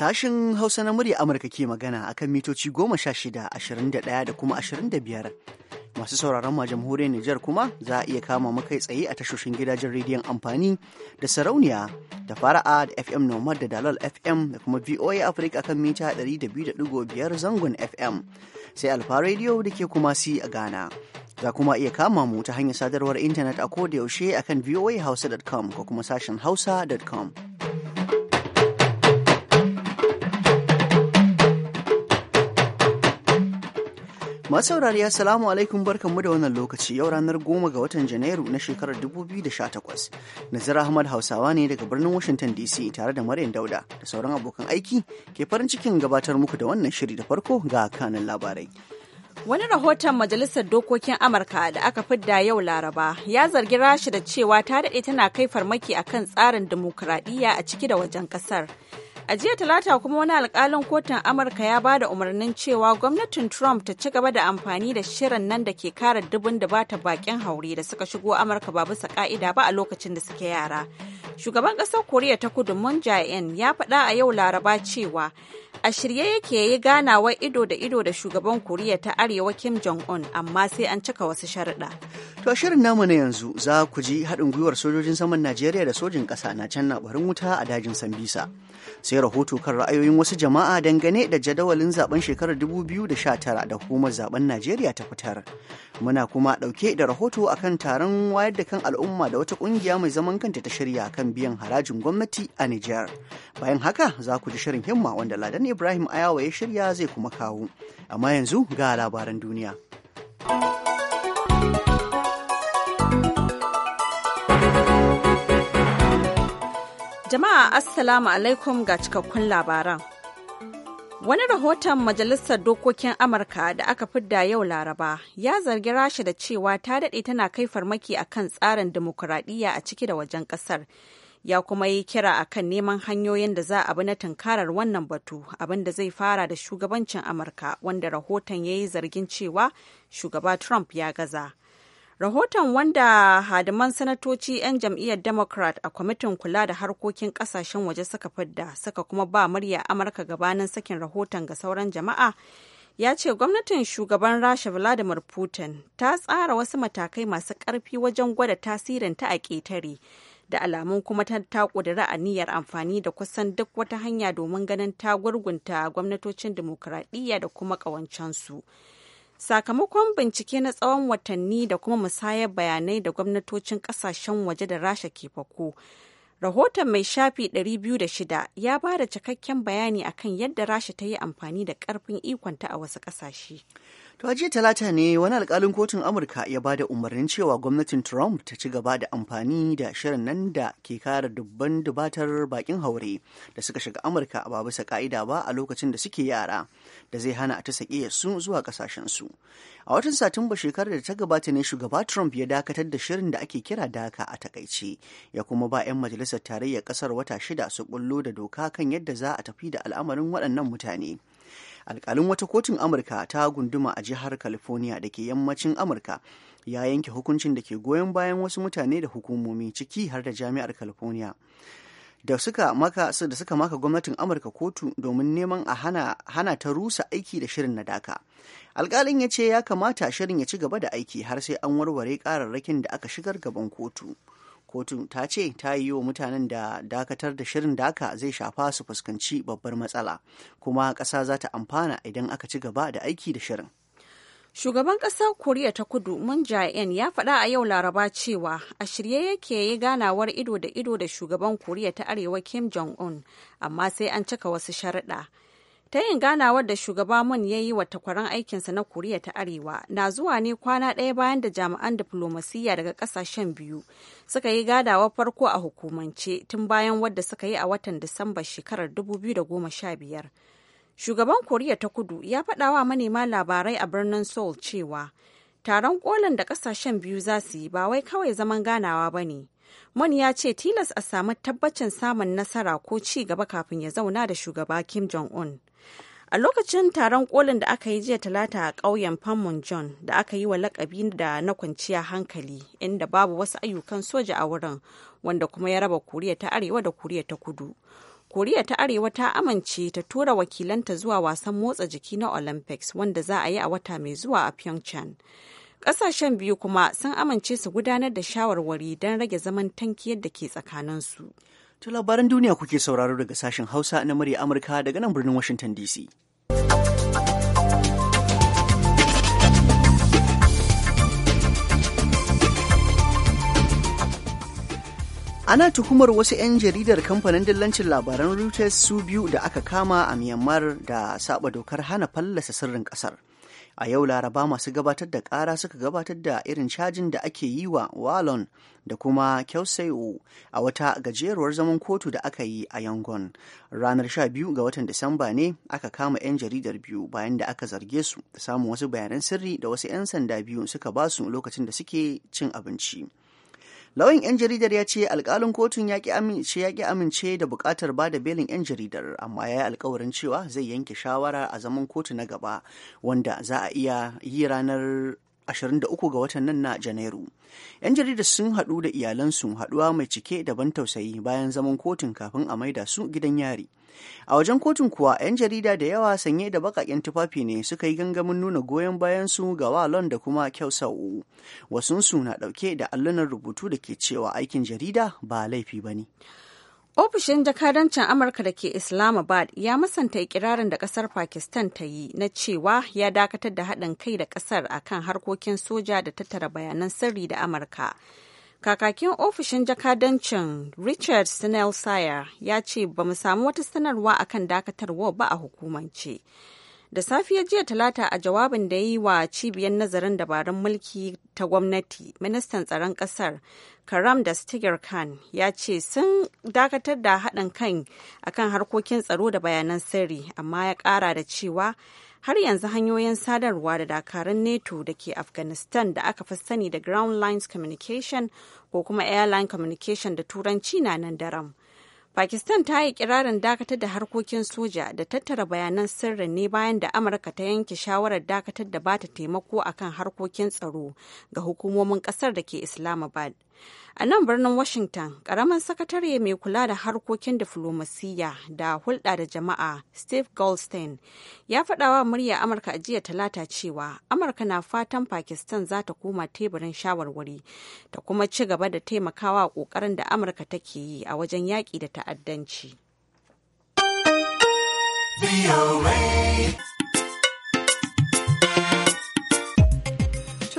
Sashen Hausa na murya Amurka ke magana akan mitoci goma sha shida, ashirin da ɗaya da kuma ashirin da biyar. Masu sauraron ma jamhuriyar Nijar kuma za a iya kama makai tsaye a tashoshin gidajen rediyon amfani da sarauniya da fara'a da FM Nomad da Dalal FM da kuma VOA Africa akan mita 200.5 zangon FM sai Alfa Radio da ke kuma si a Ghana. Za kuma iya kama mu ta hanyar sadarwar intanet a koda yaushe akan voahausa.com ko kuma sashen hausa.com. Masu saurari assalamu alaikum barkanmu da wannan lokaci yau ranar goma ga watan Janairu na shekarar 2018. Nazir Ahmad Hausawa ne daga birnin Washington DC tare da Maryam Dauda da sauran abokan aiki ke farin cikin gabatar muku da wannan shiri da farko ga kanan labarai. Wani rahoton Majalisar Dokokin Amurka da aka fidda yau Laraba ya zargi Rasha da cewa ta daɗe tana kai farmaki akan tsarin dimokuraɗiyya a ciki da wajen ƙasar. A jiya talata kuma wani alkalin kotun Amurka ya ba da umarnin cewa gwamnatin Trump ta ci gaba da amfani da shirin nan da ke kare dubun da bata bakin haure da suka shigo Amurka ba bisa ka'ida ba a lokacin da suke yara. Shugaban ƙasar Koriya ta Kudu Moon Jae-in ya faɗa a yau Laraba cewa a shirye yake yi ganawar ido da ido da shugaban Koriya ta Arewa Kim Jong-un amma sai an cika wasu sharuɗa. To a shirin namu na yanzu za ku ji haɗin gwiwar sojojin saman Najeriya da sojin ƙasa na can na barin wuta a dajin Sambisa. sai rahoto kan ra'ayoyin wasu jama'a dangane da jadawalin zaben shekarar 2019 da hukumar zaben najeriya ta fitar muna kuma ɗauke da rahoto akan taron wayar da kan al'umma da wata ƙungiya mai zaman kanta ta shirya kan biyan harajin gwamnati a niger bayan haka za ku ji shirin himma wanda ladan ibrahim ayawa ya shirya zai kuma kawo amma yanzu ga labaran duniya Jama'a Assalamu alaikum ga cikakkun labaran. Wani rahoton Majalisar Dokokin Amurka da aka fidda yau Laraba ya zargi Rasha da cewa ta daɗe tana kai farmaki a kan tsarin dimokuraɗiyya a ciki da wajen ƙasar. Ya kuma yi kira a kan neman hanyoyin da za a bi na tunkarar wannan batu abin da zai fara da shugabancin Amurka wanda rahoton ya yi zargin cewa shugaba Trump ya gaza. Rahoton wanda hadiman sanatoci 'yan jam'iyyar Democrat a kwamitin kula da harkokin kasashen waje suka fidda suka kuma ba murya Amurka gabanin sakin rahoton ga sauran jama'a ya ce gwamnatin shugaban Rasha Vladimir Putin ta tsara wasu matakai masu ƙarfi wajen gwada tasirin ta a ƙetare. da alamun kuma ta a niyyar amfani da kusan duk wata hanya domin ganin ta gurgunta gwamnatocin da kuma ƙawancensu. sakamakon bincike na tsawon watanni da kuma musayar bayanai da gwamnatocin kasashen waje da rasha ke fako rahoton mai shafi 206 ya ba da cikakken bayani akan yadda rasha ta yi amfani da karfin ikonta a wasu kasashe To a jiya talata ne wani alkalin kotun Amurka ya ba da umarnin cewa gwamnatin Trump ta ci gaba da amfani da shirin nan da ke kare dubban dubatar bakin haure da suka shiga Amurka ba bisa ka'ida ba a lokacin da suke yara da zai hana ta sake su zuwa su A watan Satumba shekarar da ta gabata ne shugaba Trump ya dakatar da shirin da ake kira daka a takaice ya kuma ba 'yan majalisar tarayyar kasar wata shida su bullo da doka kan yadda za a tafi da al'amarin waɗannan mutane. alkalin wata kotun amurka ta gunduma a jihar california da ke yammacin amurka ya yanke hukuncin da ke goyon bayan wasu mutane da hukumomi ciki har da jami'ar california da suka maka suka maka gwamnatin amurka kotu domin neman a hana, hana ta rusa aiki da shirin na daka alkalin ya ce ya kamata shirin ya ci gaba da aiki har sai an warware kararrakin da aka shigar gaban kotu kotun ta ce ta yi wa mutanen da dakatar da shirin daka zai shafa su fuskanci babbar matsala kuma ƙasa za ta amfana idan aka ci gaba da aiki da shirin Shugaban ƙasar Koriya ta Kudu mun jae ya faɗa a yau Laraba cewa a shirye yake yi ganawar ido da ido da shugaban Koriya ta Arewa Kim Jong-un, amma sai an cika wasu sharaɗa. ta yin ganawar da shugaba mun ya yi wa takwaran aikinsa na koriya ta arewa na zuwa ne kwana ɗaya bayan da jami'an diflomasiyya daga ƙasashen biyu suka yi gadawa farko a hukumance tun bayan wadda suka yi a watan disamba shekarar 2015 shugaban koriya ta kudu ya faɗa wa manema labarai a birnin seoul cewa taron kolin da ƙasashen biyu za su yi ba wai kawai zaman ganawa ba ne Mun ya ce tilas a samu tabbacin samun nasara ko ci gaba kafin ya zauna da shugaba Kim Jong-un. a lokacin taron kolin da aka yi jiya talata a ƙauyen Panmunjom john da aka yi wa lakabi da na kwanciya hankali inda babu wasu ayyukan soja a wurin wanda kuma ya raba koriya ta arewa da koriya ta kudu koriya ta arewa ta amince ta tura wakilanta zuwa wasan motsa jiki na olympics wanda za a yi a wata mai zuwa a pyeongchang ƙasashen biyu kuma sun amince su gudanar da shawarwari don rage zaman tanki yadda ke tsakaninsu. su To labaran duniya kuke sauraro daga sashen Hausa na murya Amurka daga nan birnin Washington DC. Ana tuhumar wasu 'yan jaridar kamfanin dillancin labaran Reuters su biyu da aka kama a Myanmar da saba dokar hana fallasa sirrin kasar. a yau laraba masu gabatar da ƙara suka gabatar da irin cajin da ake yi wa wallon da kuma kyausayo a wata gajeruwar zaman kotu da aka yi a yangon ranar 12 ga watan disamba ne aka kama 'yan jaridar biyu bayan da aka zarge su da samun wasu bayanan sirri da wasu 'yan sanda biyu suka basu lokacin da suke cin abinci Lawan 'yan jaridar ya ce alkalin kotun ya ki amince da bukatar ba da belin 'yan jaridar amma ya yi alkawarin cewa zai yanke shawara a zaman kotu na gaba wanda za a iya yi ranar 23 ga watan nan na Janairu. 'Yan jaridar sun haɗu da iyalansu haɗuwa mai cike da ban tausayi bayan zaman kotun kafin a maida su gidan yari. A wajen kotun kuwa 'yan jarida da yawa sanye da baƙaƙen tufafi ne suka yi gangamin nuna goyon bayan su ga Walon da kuma Kyausau. Wasunsu na ɗauke da allunan rubutu da ke cewa aikin jarida ba laifi ba ne. Ofishin jakadancin Amurka da ke Islamabad ya musanta ikirarin da ƙasar Pakistan ta yi na cewa ya dakatar da haɗin kai da kasar kan harkokin soja da tattara bayanan sirri da Amurka. Kakakin ofishin jakadancin Richard Snell Sayer ya ce ba mu samu wata sanarwa akan dakatarwa ba a hukumance. Da safiyar jiya talata a jawabin da yi wa cibiyar nazarin dabarun mulki ta gwamnati, ministan tsaron kasar Karam da Stigar Khan ya ce sun dakatar da haɗin kan akan harkokin tsaro da bayanan sirri, amma ya ƙara da cewa har yanzu hanyoyin sadarwa da dakarun neto da ke Afghanistan da aka fi sani da Ground Lines Communication ko kuma Airline Communication da Turanci na nan daram. Pakistan ta yi kirarin dakatar da harkokin soja da tattara bayanan sirri ne bayan da Amurka ta yanke shawarar dakatar da bata taimako akan harkokin tsaro ga hukumomin kasar da ke Islamabad. A nan birnin Washington, ƙaramin sakatare mai kula da harkokin diflomasiyya da hulɗa da jama'a Steve Goldstein ya faɗawa murya Amurka a jiya talata cewa Amurka na fatan Pakistan za ta koma teburin shawarwari ta kuma ci gaba da taimakawa ƙoƙarin da Amurka take yi a wajen yaƙi da ta'addanci.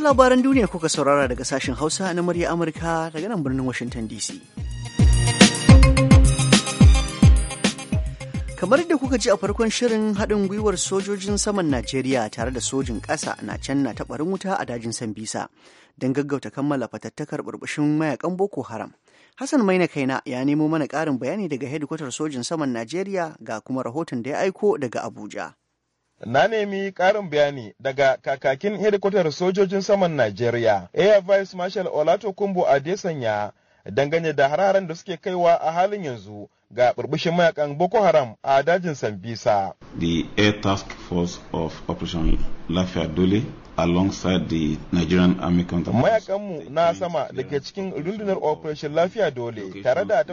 To labaran duniya kuka saurara daga sashen Hausa na murya Amurka daga nan birnin Washington DC. Kamar da kuka ji a farkon shirin haɗin gwiwar sojojin saman Najeriya tare da sojin ƙasa na can na taɓarin wuta a dajin Sambisa don gaggauta kammala fatattakar burbushin mayakan Boko Haram. Hassan Maina kaina ya nemo mana ƙarin bayani daga hedikwatar sojin saman Najeriya ga kuma rahoton da ya aiko daga Abuja. Na nemi ƙarin bayani daga kakakin hedikwatar sojojin saman Najeriya, Air Vice Marshal Olato Kumbo Adesanya dangane da hararen da suke kaiwa a halin yanzu ga burbushin mayakan Boko Haram a dajin Sambisa. The Air Task Force of Operation Lafiya Dole alongside the Nigerian Army Counter. Mayakanmu na sama daga cikin rundunar Operation Lafiya Dole tare da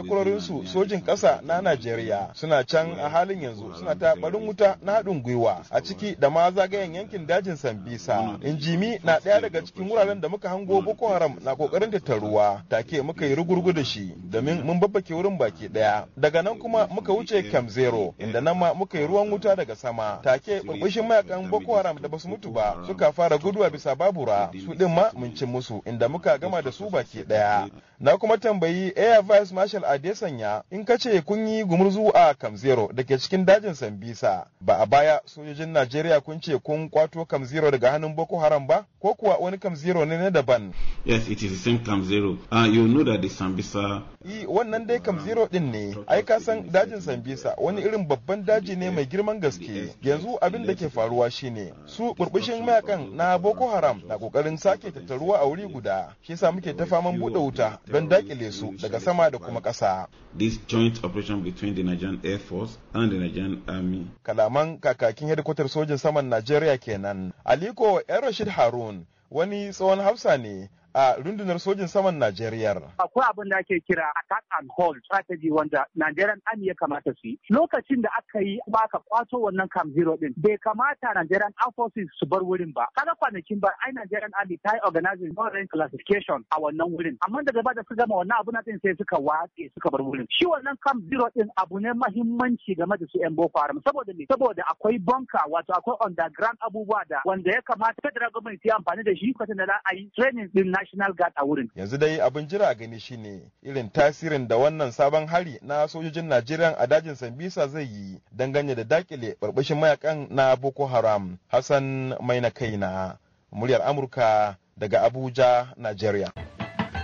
su sojin ƙasa na Najeriya suna can a halin yanzu suna ta barin wuta na haɗin gwiwa a ciki da ma zagayen uh, yankin dajin Sambisa. Injimi na ɗaya daga cikin wuraren da muka hango Boko Haram na ƙoƙarin tattaruwa take muka yi rugurgu da shi domin mun babbake wurin baki ɗaya. Daga nan kuma muka wuce Camp Zero inda nan ma muka yi ruwan wuta daga sama take burbushin mayakan Boko Haram da basu mutu ba suka fara guduwa bisa bisa babura su din ma mun ci musu inda muka gama da su baki daya na kuma tambayi air vice marshal adesanya in ka ce kun yi gumurzu a kamzero da ke cikin dajin sambisa ba a baya sojojin najeriya kun ce kun kwato kamzero daga hannun boko haram ba ko kuwa wani kamzero ne na daban yes it is the same kamzero uh, ah, you know that the sambisa i wannan dai kamzero din ne ai ka san dajin sambisa wani irin babban daji ne mai girman gaske yanzu abin da ke faruwa shine su burbushin mayakan na boko haram na kokarin sake tattaruwa a wuri guda shi yasa muke ta faman bude wuta don dakile su daga sama da kuma ƙasa this joint operation between the Nigerian Air Force and the Nigerian Army kalaman kakakin hedikwatar sojin saman Najeriya kenan Aliko Yan Rashid Harun wani tsohon hausa ne a rundunar sojin saman Najeriya. Akwai abin da ake kira attack and hold strategy wanda Nigerian Army ya kamata su yi. Lokacin da aka yi ba ka kwato wannan Camp Zero din bai kamata Nigerian Air Forces su bar wurin ba. Kaga kwanakin ba ai Nigerian Army ta yi organizing foreign classification a wannan wurin. Amma daga ba da su gama wannan abu na din sai suka watse suka bar wurin. Shi wannan Camp Zero din abu ne mahimmanci game da su 'yan Boko Haram saboda me? Saboda akwai bunker wato akwai underground abubuwa da wanda ya kamata federal government ya amfani da shi kwatanta da za yi training din na national guard a wurin yanzu dai abin jira a gani shine irin tasirin da wannan sabon hari na sojojin najeriya a dajin sambisa zai yi dangane da dakile barbashin mayakan na boko haram hassan Maina kaina muryar amurka daga abuja najeriya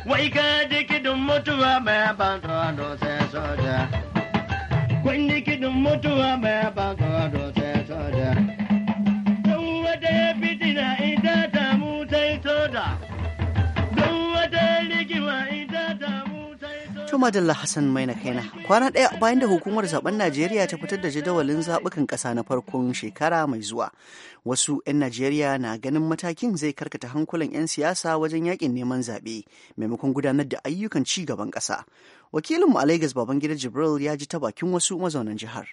wai ka dikidin mutuwa mai ban tsoro sai soja kun dikidin mutuwa mai ban tsoro sai soja don wata fitina ita ta mu sai soja To Madalla Hassan Maina kaina kwana ɗaya bayan da hukumar zaben Najeriya ta fitar da jadawalin zaɓukan ƙasa na farkon shekara mai zuwa. Wasu 'yan Najeriya na ganin matakin zai karkata hankulan 'yan siyasa wajen yakin neman zaɓe maimakon gudanar da ayyukan ci gaban ƙasa. Wakilinmu a Lagos Babangida Jibril ya ji ta bakin wasu mazaunan jihar.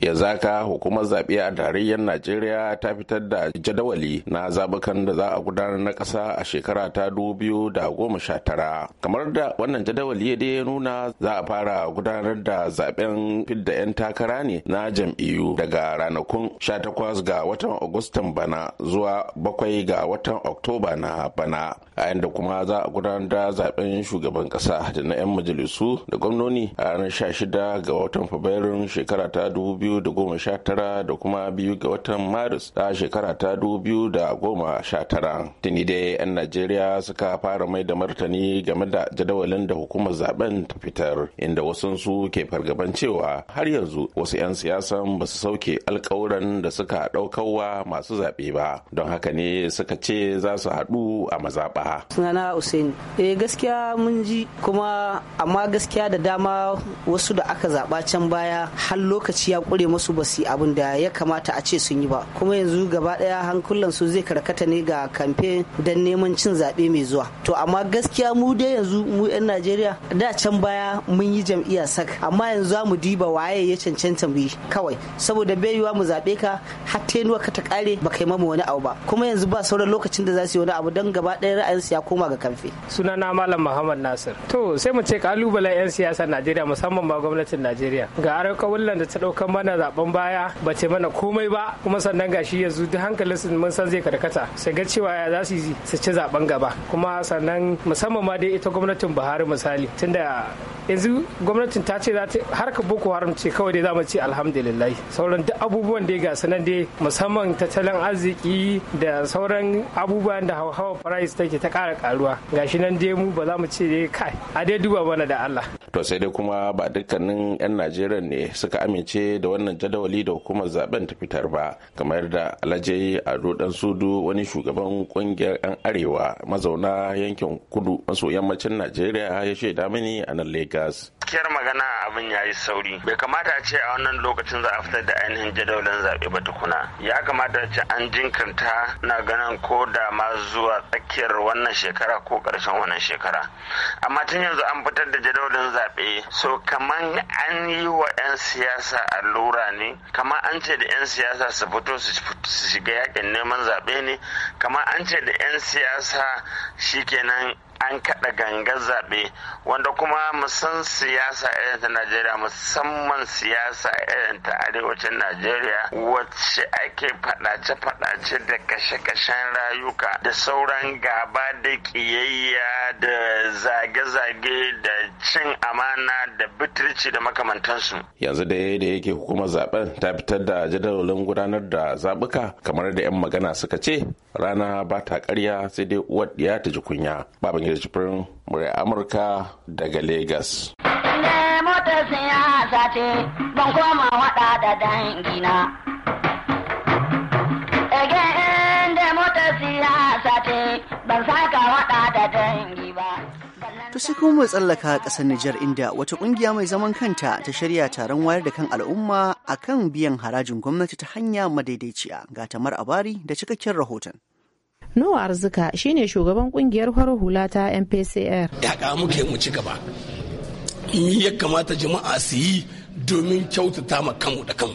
ya zaka hukumar zaɓe a tarayyar najeriya ta fitar da jadawali na zabukan da za a gudanar na ƙasa a shekara ta dubu da goma sha tara kamar da wannan jadawali dai ya nuna za a fara gudanar da zaben fidda 'yan takara ne na jam'iyyu daga ranakun 18 ga watan agustan bana zuwa bakwai ga watan oktoba na bana a yadda kuma za a gudanar da zaben shugaban ƙasa da na 'yan majalisu da gwamnoni a ranar 16 ga watan fabrairun shekara ta 2000 2019 da kuma biyu ga watan maris a shekara ta 2019 tuni dai 'yan najeriya suka fara mai da martani game da jadawalin da hukumar zaben ta fitar inda su ke fargaban cewa har yanzu wasu 'yan siyasan ba su sauke alkawuran da suka ɗaukawa masu zaɓe ba don haka ne suka ce za su haɗu a mazaɓa. sunana Hussein eh gaskiya mun ji kuma amma gaskiya da dama wasu da aka zaɓa can baya har lokaci ya kure musu ba su abin da ya kamata a ce sun yi ba kuma yanzu gaba daya hankulan su zai karkata ne ga kamfe don neman cin zaɓe mai zuwa to amma gaskiya mu dai yanzu mu 'yan najeriya da can baya mun yi jam'iyya sak amma yanzu za mu diba waye ya cancanta mu yi kawai saboda bai mu zaɓe ka har tenuwa ka ta kare ba kai mamu wani abu ba kuma yanzu ba sauran lokacin da za su yi wani abu don gaba ra'ayin ra'ayinsu ya koma ga kamfe sunana malam muhammad nasir to sai mu ce kalubalen 'yan siyasa najeriya musamman ma gwamnatin najeriya ga arakawullan da ta mana. wannan zaben baya ba ce mana komai ba kuma sannan gashi yanzu duk hankalin su mun san zai karkata su ga cewa ya za su su ci zaben gaba kuma sannan musamman ma dai ita gwamnatin Buhari misali tunda yanzu gwamnatin ta ce za ta harka boko haram ce kawai dai za mu ce alhamdulillah sauran duk abubuwan dai ga sanan dai musamman tattalin arziki da sauran abubuwan da hawa price take ta kara karuwa gashi nan dai mu ba za mu ce dai kai a dai duba mana da Allah to sai dai kuma ba dukkanin yan Najeriya ne suka amince da wannan jadawali da hukumar zaben ta fitar ba kamar da alhaji ado dan sudu wani shugaban kungiyar yan arewa mazauna yankin kudu maso yammacin najeriya ya shaida mini a nan lagos kiyar magana abin ya yi sauri bai kamata a ce a wannan lokacin za a fitar da ainihin jadawalin zaɓe ba tukuna ya kamata a ce an jinkanta na ganin ko da ma zuwa tsakiyar wannan shekara ko ƙarshen wannan shekara amma tun yanzu an fitar da jadawalin zaɓe so kamar an yi wa 'yan siyasa allo larura ne kamar an ce da 'yan siyasa su fito su shiga yakin neman zaɓe ne kamar an ce da 'yan siyasa shi shikenan an kaɗa gangar zaɓe wanda kuma musan siyasa irin ta najeriya musamman siyasa irin ta arewacin najeriya wacce ake faɗace-faɗace da kashe-kashen rayuka da sauran gaba da ƙiyayya da zage-zage da cin amana da bitirci da makamantansu yanzu da da yake hukumar zaben ta fitar da jadawalin gudanar da zaɓuka kamar da 'yan magana suka ce rana ba ta ƙarya sai dai uwar ta ji kunya Babangida Amurka daga Legas. ta motar sun ba. kuma tsallaka ƙasar Nijar inda wata ƙungiya mai zaman kanta ta shirya taron wayar da kan al'umma a kan biyan harajin gwamnati ta hanya madaidaiciya ga tamar abari da cikakken rahoton. Nowa Arzika shine shugaban kungiyar farar hula ta MPCR. Yaƙa muke mu ci gaba. ya kamata jama'a su yi domin kyautata ma kanmu da kanmu.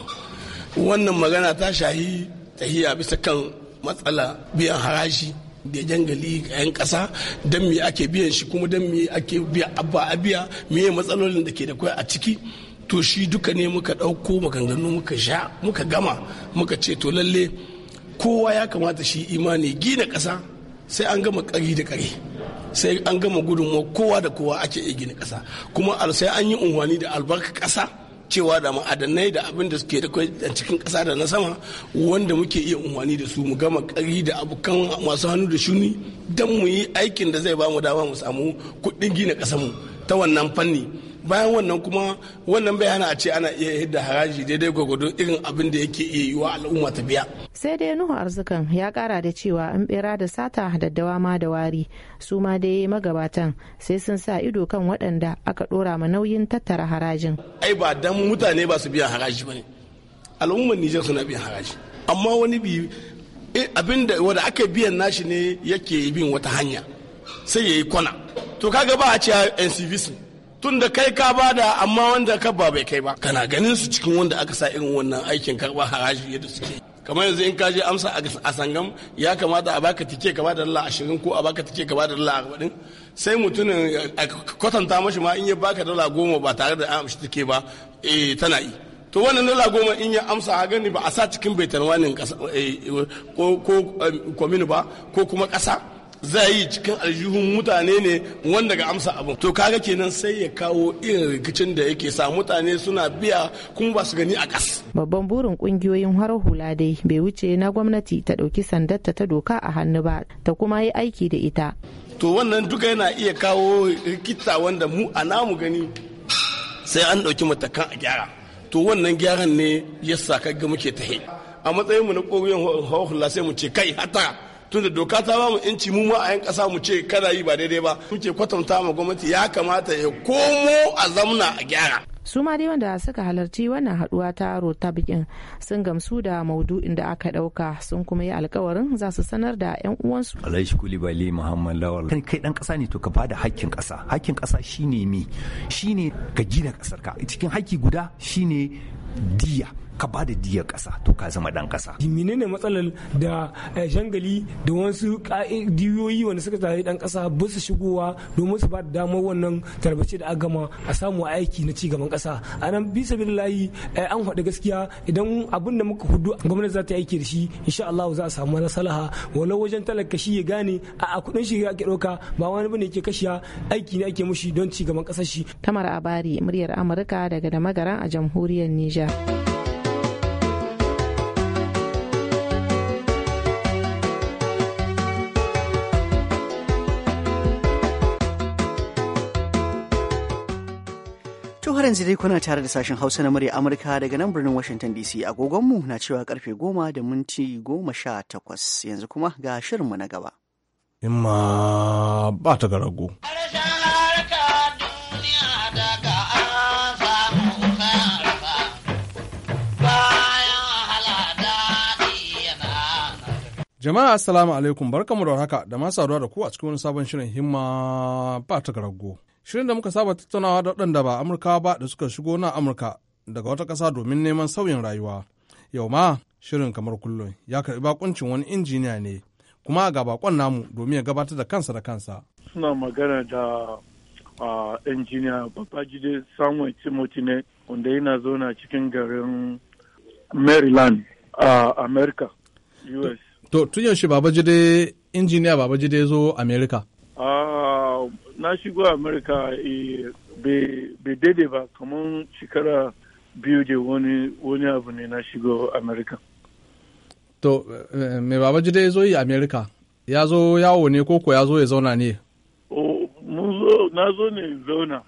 Wannan magana ta shahi tahiya bisa kan matsala biyan haraji da jangali ga 'yan ƙasa don me ake biyan shi kuma don me ake biya abba a biya me matsalolin da ke da kwai a ciki to shi duka ne muka ɗauko maganganu muka sha muka gama muka ce to lalle kowa ya kamata shi imani gina ƙasa sai an gama ƙari da ƙari sai an gama gudunmu kowa da kowa ake iya gina ƙasa kuma sai an yi unhwani da albarka ƙasa cewa da ma'adanai da abin da suke da cikin ƙasa da na sama wanda muke iya unhwani da su mu gama ƙari da abokan masu hannu da shuni don mu yi aikin da zai ba mu dama mu samu kuɗin gina mu ta wannan fanni bayan wannan kuma wannan bai a ce ana iya hidda haraji daidai gwagwado irin abin da yake iya yiwa al'umma ta biya sai dai nuhu arzikan ya kara da cewa an bera da sata da dawama da wari su ma dai magabatan sai sun sa ido kan waɗanda aka ɗora ma nauyin tattara harajin ai ba dan mutane ba su biyan haraji ba ne al'ummar nijar suna biyan haraji amma wani bi eh, abin da wanda aka biyan nashi ne yake bin wata hanya sai ya yi kwana to kaga ba a ce yan tun da kai ka bada amma wanda ka ba bai kai ba kana ganin su cikin wanda aka sa irin wannan aikin karba haraji yadda suke kamar yanzu in ka je amsa a sangam ya kamata a baka tike ka bada dala ashirin ko a baka tike ka bada dala arba'in sai mutumin a kwatanta mashi ma in ya baka dala goma ba tare da an amshi tike ba eh tana yi to wannan dala goma in ya amsa a gani ba a sa cikin baitarwanin eh, ko komini eh, ba ko kuma kasa. zai yi cikin aljihun mutane ne wanda ga amsa abin to kaga kenan sai ya kawo irin rikicin da yake sa mutane suna biya kuma ba su gani a kas babban burin kungiyoyin har hula dai bai wuce na gwamnati ta ɗauki sandarta ta doka a hannu ba ta kuma yi aiki da ita to wannan duka yana iya kawo rikita wanda mu a namu gani sai an ɗauki matakan a gyara to wannan gyaran ne ya sa kaga muke tahe a matsayin mu na hawa hula sai mu ce kai hata tunda doka ta ba mu inci mu ma a yan kasa mu ce kada yi ba daidai ba muke kwatanta ma gwamnati ya kamata ya komo a zamna a gyara su ma dai wanda suka halarci wannan haduwa ta rota bikin sun gamsu da maudu'in da aka dauka sun kuma yi alkawarin za su sanar da yan uwansu alaishi kulibali muhammad lawal kan kai dan kasa ne to ka bada hakkin kasa hakkin kasa shine me shine ka gina kasar ka cikin haki guda shine diya ka ba da diyar ƙasa to ka zama ɗan ƙasa. ne matsalar da eh, jangali da wasu diyoyi wanda suka tare ɗan ƙasa ba su shigowa domin su ba da damar wannan tarbace da agama a samu aiki na ci gaban ƙasa a nan bisa layi eh, an faɗi gaskiya idan abin da muka hudu gwamnati za ta aiki da shi insha Allah za a samu salaha walau wajen talaka shi ya gane a kuɗin shi ake ɗauka ba wani bane ke kashiya aiki ne ake mushi don ci gaban ƙasar shi. Tamar Abari muryar Amurka daga da magaran a jamhuriyar Nijar. yanzu dai kuna tare da sashen Hausa na murya Amurka daga nan birnin Washington DC agogonmu na cewa karfe goma da minti goma sha takwas yanzu kuma ga shirinmu na gaba. Imma ba ta garago. Jama'a assalamu alaikum barkamu da haka da masu saduwa da ku a cikin wani sabon shirin himma ba ta garago. Shirin da muka saba tattaunawa da waɗanda ba amurka ba da suka shigo na Amurka daga wata ƙasa domin neman sauyin rayuwa. Yau ma shirin kamar kullum ya karɓi bakuncin wani injiniya ne kuma ga bakon namu domin ya gabatar da kansa da kansa. Suna magana da injiniya Babajide Samuel Timothy ne wanda yana zauna cikin garin Maryland a America, US. To tun yaushe Babajide injiniya Babajide ya zo America? Ah, na shigo amurka eh, bai daidai ba kamar shekara biyu da wani abu ne na shigo amurka to eh, mai jide ya zo yi amerika ya zo yawo ne koko ya zo ya zauna ne na zo ne zauna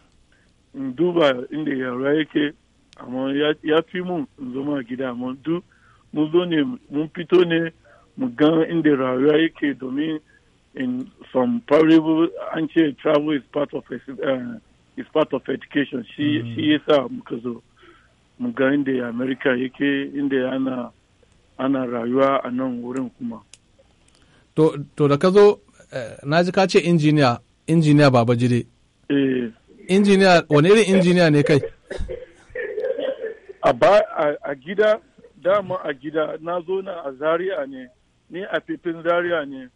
in duba inda yara yake amma ya fi mun in zama gida amma duk mun zo ne mun fito ne mu gan inda rayuwa yake domin in some probably an ce travel is part of uh, is part of education shi mm. sa yasa uh, muka zo mu ga inda america yake inda ana ana rayuwa a nan wurin kuma to to da ka zo eh, na ji ka ce injiniya injiniya baba jide eh injiniya wani irin injiniya ne kai a ba a gida dama a gida na zo na a zaria ne ni a fifin zaria ne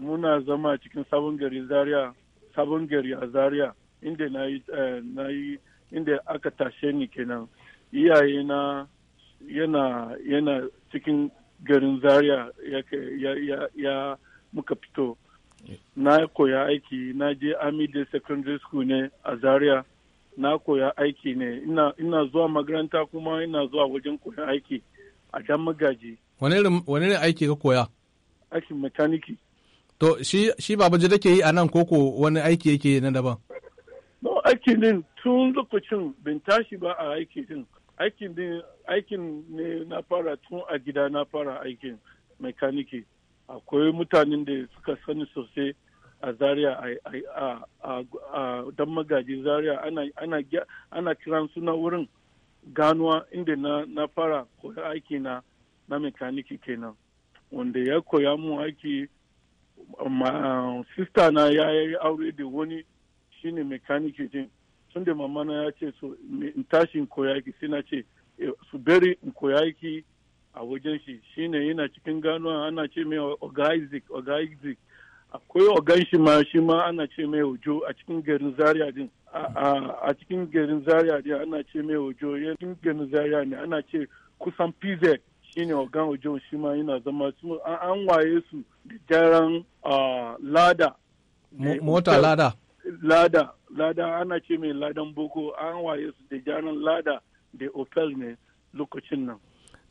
muna zama cikin sabon gari zaria sabon gari a zaria inda eh, na yi inda aka tashe ni kenan iyaye na yana yana cikin garin zaria ya, muka fito na koya aiki na je amide secondary school ne a zaria na koya aiki ne ina, zuwa makaranta kuma ina zuwa wajen koya aiki a dan magaji wani irin aiki ka koya aikin makaniki To shi shi babaji ke yi a nan koko wani aiki yake yi na daban? No aikin din tun lokacin bin tashi ba a aiki din. Aikin din aikin ne na fara tun a gida na fara aikin mekaniki. Akwai mutanen da suka sani sosai a Zaria a dan magaji Zaria ana kiran suna wurin ganuwa inda na fara koya aiki na na mekaniki kenan. Wanda ya koya mu aiki Um, sista na ya yi aure da wani shine mekaniki din tun da mamana ya ce so in tashi in koya aiki sai na ce eh, su bari in koya aiki a wajen shi shine yana cikin gano ana ce mai oga isaac oga isaac akwai ogan shi ma shi ma ana ce mai ojo a cikin garin zaria din a cikin garin zaria din ana ce mai ojo yankin cikin garin zaria ne ana ce kusan pz shine ogan ojo shi ma yana zama su an waye su da jaran lada mota lada lada lada ana ce mai ladan boko an waye su da jaran lada da opel ne lokacin nan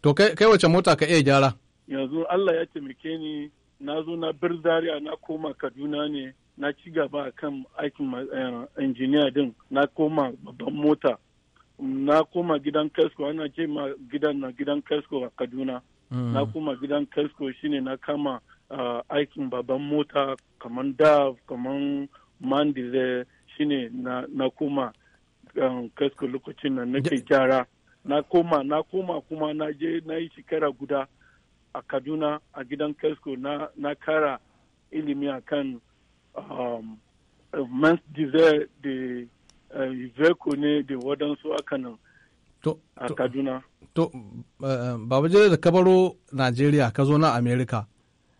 to kai wace mota ka iya gyara yanzu allah ya taimake ni na zo na bir zaria na koma kaduna ne na ci gaba kan aikin eh, injiniya din na koma babban mota na koma gidan kasko ana ce ma gidan na gidan kasko a kaduna mm. na koma gidan kasko shine na kama ah, aikin baban mota kamar dav kamar mandile shine na koma um, kasko lokacin na nake gyara na koma na koma kuma na je na yi shekara guda a kaduna a gidan kasko na kara ilimi akan um, men's desire de Iveco eh, ne da waɗansu aka nan a Kaduna. To, eh, Babajire da ka baro Najeriya ka zo nan Amerika.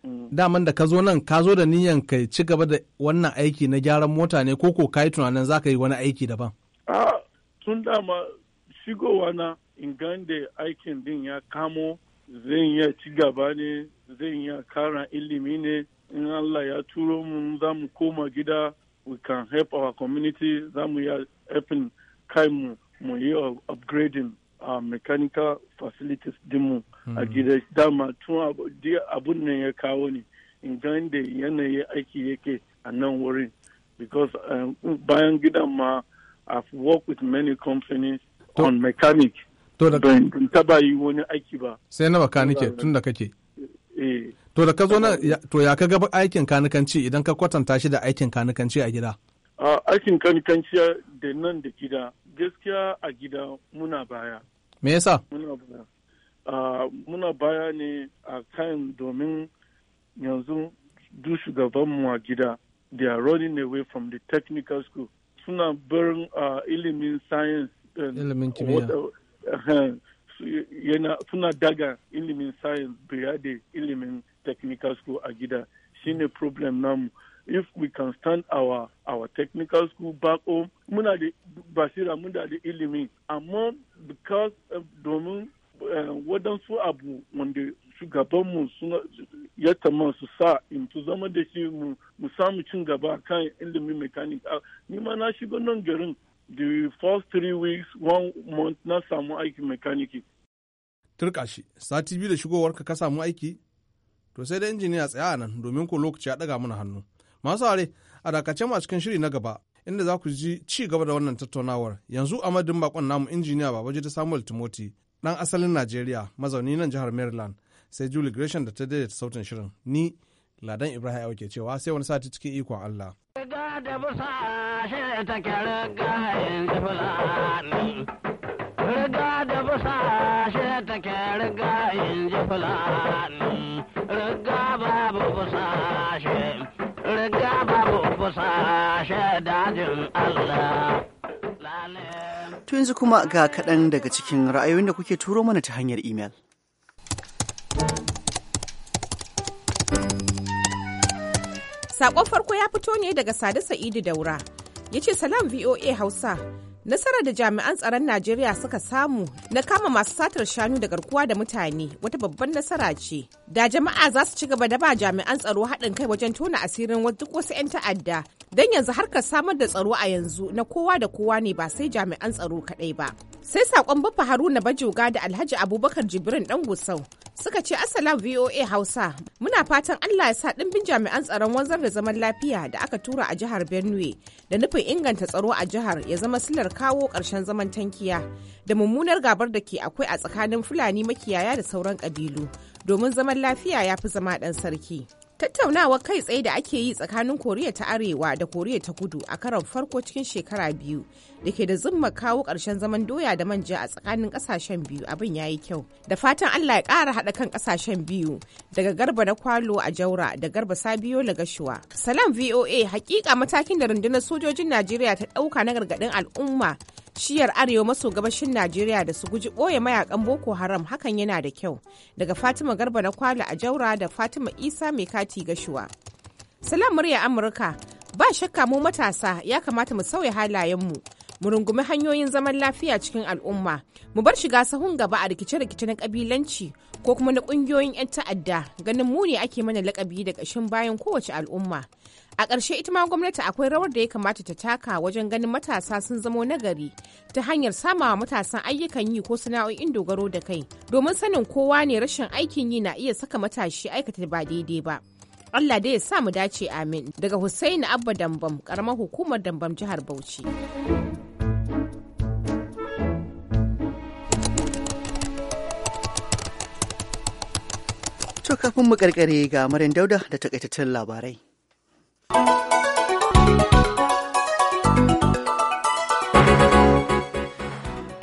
Mm. Daman da ka zo nan ka zo da niyan ka ci gaba da wannan aiki na gyaran mota ne ko ko ka yi tunanin za ka yi wani aiki daban? A tun dama shigowa na ingande aikin din ya kamo zan ya ci gaba ne zan ya kara ilimi ne in Allah ya turo mu za mu koma gida we can help our community za mu are helping kaimu mu yi upgrading a mechanical facilities dimu hmm. a gida dama tun abu nan ya kawo ne ingan da yanayi aiki yake a nan wurin because um, bayan gidan ma I've worked with many companies to, on mechanic to da taba yi wani aiki ba sai na makanike tun da kake eh. To da ka zo na to ya ka gaba aikin kanikanci idan ka kwatanta shi da aikin kanikanci a gida? Aikin kanikanci da nan da gida gaskiya a gida muna baya. Me yasa? Muna baya. Muna baya ne a kan domin yanzu duk shugabanmu a gida they are running away from the technical school. Suna barin ilimin science. Um, ilimin kimiyya. suna daga ilimin science biya da ilimin technical school a gida ne problem namu if we can stand our our technical school back home muna da basira muna da ilimi amma because domin eh, waɗansu abu wanda shugabanmu ya tama su sa in su zama da shi mu samu cin gaba kan ilimin mechanic ah, ni ma na shiga nan garin the first three weeks one month na samu aiki mekaniki turka sati biyu da shigowarka ka samu aiki to sai da injiniya tsaya a nan domin ko lokaci ya ɗaga mana hannu masu are a dakace mu a cikin shiri na gaba inda za ku ji ci gaba da wannan tattaunawar yanzu a madadin bakon namu injiniya babaji ta samuel timoti ɗan asalin najeriya mazauni nan jihar maryland sai julie gresham da ta daidaita sautin shirin ni ladan ibrahim ke cewa sai wani sati cikin ikon allah da busa shi riga da busa shi riga in ji To yanzu kuma ga kaɗan daga cikin ra'ayoyin da kuke turo mana ta hanyar imel. Saƙon farko ya fito ne daga Sadu Sa'idu Daura. yace ce salam VOA Hausa, Nasarar da jami'an tsaron Najeriya suka samu na kama masu satar shanu da garkuwa da mutane wata babban nasara ce. Da jama'a za su ci gaba da ba jami'an tsaro haɗin kai wajen tona asirin duk wasu 'yan ta'adda. Don yanzu harkar samar da tsaro a yanzu na kowa da kowa ne ba sai jami'an tsaro kaɗai ba. sai sakon bafa haruna bajoga da alhaji abubakar jibrin dan gusau suka ce Asala voa hausa muna fatan allah ya sa ɗimbin jami'an tsaron wanzar da zaman lafiya da aka tura a jihar benue da nufin inganta tsaro a jihar ya zama silar kawo ƙarshen zaman tankiya da mummunar gabar da ke akwai a tsakanin fulani makiyaya da sauran ƙabilu domin zaman lafiya ya fi zama ɗan sarki tattaunawa kai tsaye da ake yi tsakanin koriya ta arewa da koriya ta kudu a karon farko cikin shekara biyu da ke da zumma kawo ƙarshen zaman doya da manja a tsakanin ƙasashen biyu abin ya yi kyau da fatan allah ya ƙara haɗa kan ƙasashen biyu daga garba na kwalo a jaura da garba sabiyo lagashuwa salam voa hakika matakin da rundunar sojojin najeriya ta ɗauka na gargaɗin al'umma shiyar arewa maso gabashin najeriya da su guji ɓoye mayakan boko haram hakan yana da kyau daga fatima garba na kwalo a jaura da fatima isa mai kati gashuwa salam murya amurka ba shakka mu matasa ya kamata mu sauya halayenmu mu rungumi hanyoyin zaman lafiya cikin al'umma mu bar shiga sahun gaba a rikice-rikice na kabilanci ko kuma na kungiyoyin 'yan ta'adda ganin mu ne ake mana lakabi da ƙashin bayan kowace al'umma a ƙarshe ita ma gwamnati akwai rawar da ya kamata ta taka wajen ganin matasa sun zamo nagari ta hanyar samawa matasan ayyukan yi ko sana'o'in dogaro da kai domin sanin kowa ne rashin aikin yi na iya saka matashi aikata ba daidai ba Allah dai ya sa mu dace amin daga Hussaini Abba Dambam karamar hukumar Dambam jihar Bauchi. To kafin mu karkare ga Maryam Dauda da takaitaccen labarai.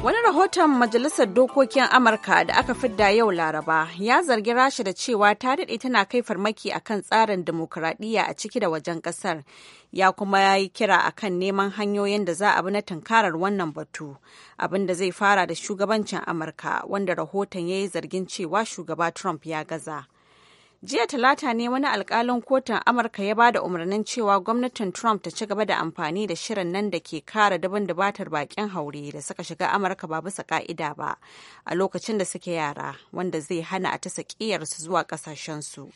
Wani rahoton Majalisar Dokokin Amurka da aka fidda yau Laraba ya zargi Rasha da cewa ta daɗe tana kai farmaki a kan tsarin demokuraɗiyya a ciki da wajen ƙasar, ya kuma ya yi kira a kan neman hanyoyin da za a bi na tunkarar wannan batu, abin da zai fara da shugabancin Amurka, wanda rahoton ya yi zargin cewa shugaba Trump ya gaza. jiya talata ne wani alkalin kotun amurka ya bada umarnin cewa gwamnatin trump ta ci gaba da amfani da shirin nan da ke kara daban dabatar bakin haure da suka shiga amurka ba bisa ka'ida ba a lokacin da suke yara wanda zai hana a tasa sakiyarsu zuwa su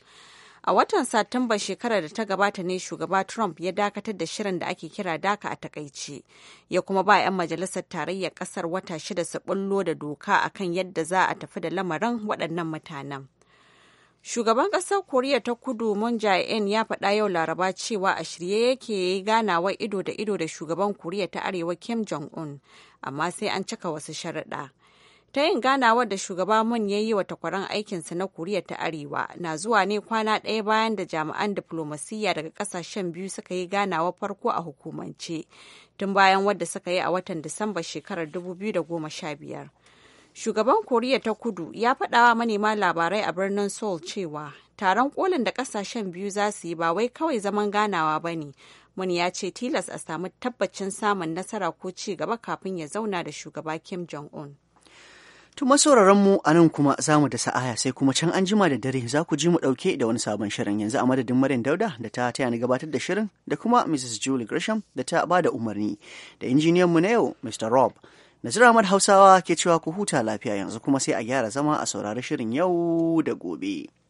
a watan satumba shekarar da ta gabata ne shugaba trump ya dakatar da shirin da ake kira daka a takaice ya kuma ba 'yan majalisar tarayyar kasar wata shida su bullo da doka akan yadda za a tafi da lamarin waɗannan mutanen Shugaban ƙasar Koriya ta Kudu Moon Jae-in ya faɗa yau Laraba cewa a shirye yake ganawa ido da ido da shugaban Koriya ta Arewa Kim Jong-un, amma sai an cika wasu sharaɗa. Ta yin ganawar da shugaba mun ya yi wa takwaran aikinsa na Koriya ta Arewa na zuwa ne kwana ɗaya bayan da jami'an diplomasiyya daga ƙasashen biyu suka yi ganawa farko a hukumance tun bayan wadda suka yi a watan Disamba shekarar 2015. Shugaban Koriya ta Kudu ya faɗawa manema labarai a birnin Seoul cewa taron kolin da kasashen biyu za su yi ba wai kawai zaman ganawa ba ne. mun ya ce tilas a samu tabbacin samun nasara ko ci gaba kafin ya zauna da shugaba Kim Jong-un. Tuma mu a nan kuma za mu da sa'aya sai kuma can an jima da dare za ku ji mu ɗauke da wani sabon shirin yanzu a madadin Maryam Dauda da ta taya ni gabatar da shirin da kuma Mrs. Julie gresham da ta ba da umarni da injiniyan mu na yau Mr. Rob. Najir Ahmad Hausawa ke cewa ku huta lafiya yanzu kuma sai a gyara zama a saurari shirin yau da gobe.